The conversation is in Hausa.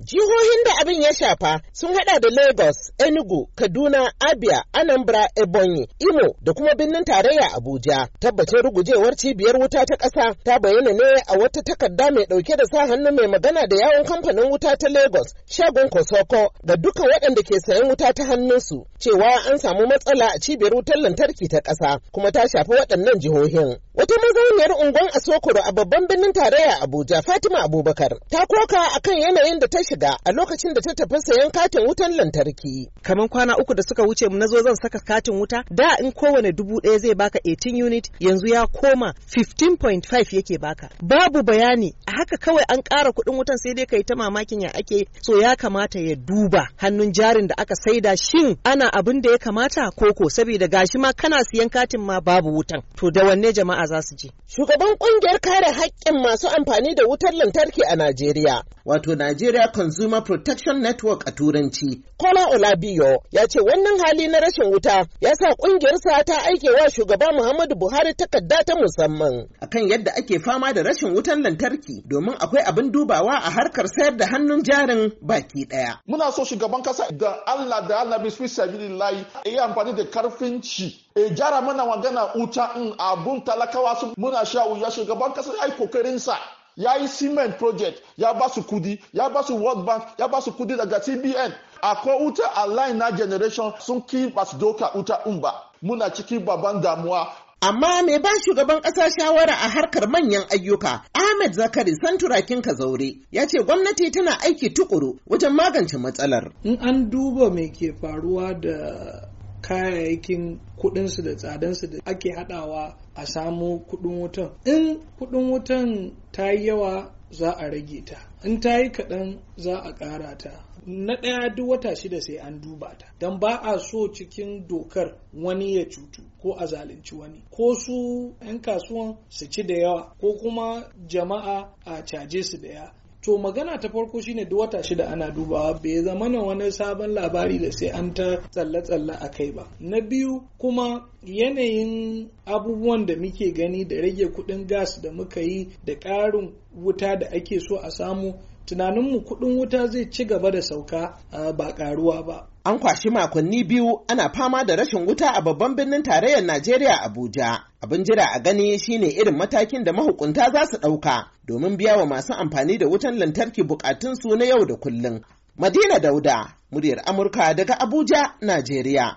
Jihohin da abin ya shafa sun hada da Lagos, Enugu, Kaduna, Abia, Anambra, Ebonyi, Imo da kuma birnin tarayya Abuja. Tabbacin rugujewar cibiyar wuta ta ƙasa ta bayyana ne a wata takarda mai ɗauke da sa hannu mai magana da yawon kamfanin wuta ta Lagos, shagon Kosoko da dukkan waɗanda ke sayan wuta ta hannunsu cewa an samu matsala a cibiyar wutar lantarki ta ƙasa kuma ta shafi waɗannan jihohin. Wata mazauniyar unguwar Asokoro a babban birnin tarayya Abuja Fatima Abubakar ta koka akan yanayin da ta shiga a lokacin da ta tafi sayan katin wutan lantarki. Kamar kwana uku da suka wuce mu nazo zan saka katin wuta da in kowane dubu ɗaya zai baka 18 unit yanzu ya koma 15.5 yake baka. Babu bayani haka kawai an ƙara kuɗin wutan sai dai kai ta mamakin ya ake so ya kamata ya duba hannun jarin da aka saida shin ana abin da ya kamata ko ko saboda gashi ma kana siyan katin ma babu wutan to da wanne jama'a za su je shugaban kungiyar kare haƙƙin masu amfani da wutar lantarki a Najeriya wato Nigeria Consumer Protection Network a Turanci. Kola Olabiyo ya ce wannan hali na rashin wuta ya sa ƙungiyarsa ta aike wa shugaba Muhammadu Buhari takarda ta musamman. Akan yadda ake fama da rashin wutan lantarki domin akwai abin dubawa a harkar sayar da hannun jarin baki ɗaya. Muna so shugaban kasa da Allah da Annabi su a yi amfani da karfin ci e jara mana magana wuta in abun talakawa su muna sha wuya shugaban kasa ya yi kokarin sa ya yi cement project ya ba su ya ba su world bank ya ba su daga cbn akwai wuta a line na generation sun ki basu doka wuta umba muna cikin babban damuwa amma mai ba shugaban ƙasa shawara a harkar manyan ayyuka ahmed zakari ka zaure, ya ce gwamnati tana aiki tukuru wajen magance matsalar in an duba mai ke faruwa da kayayyakin kudinsu da tsadansu da ake hadawa a samu kudin wutan in kudin wutan ta yi yawa za a rage ta in ta yi kaɗan za a ƙara ta na ɗaya duk wata shida sai an duba ta don ba a so cikin dokar wani ya cutu ko a zalunci wani ko su 'yan kasuwan su ci da yawa ko kuma jama'a a caje su da yawa to magana ta farko shine duk wata shida ana dubawa bai zama na wani sabon labari da sai an ta tsalle-tsalle a kai ba na biyu kuma yanayin abubuwan da muke gani da rage kudin gas da muka yi da ƙarin wuta da ake so a samu tunaninmu kudin wuta zai ci gaba da sauka ah, ba karuwa ba An kwashi makonni biyu ana fama da rashin wuta a babban birnin tarayyar Najeriya Abuja. Abin jira a gani shine irin matakin da mahukunta za su ɗauka domin biya wa masu amfani da wutan lantarki bukatunsu na yau da kullum. Madina Dauda, muryar Amurka daga Abuja, Najeriya.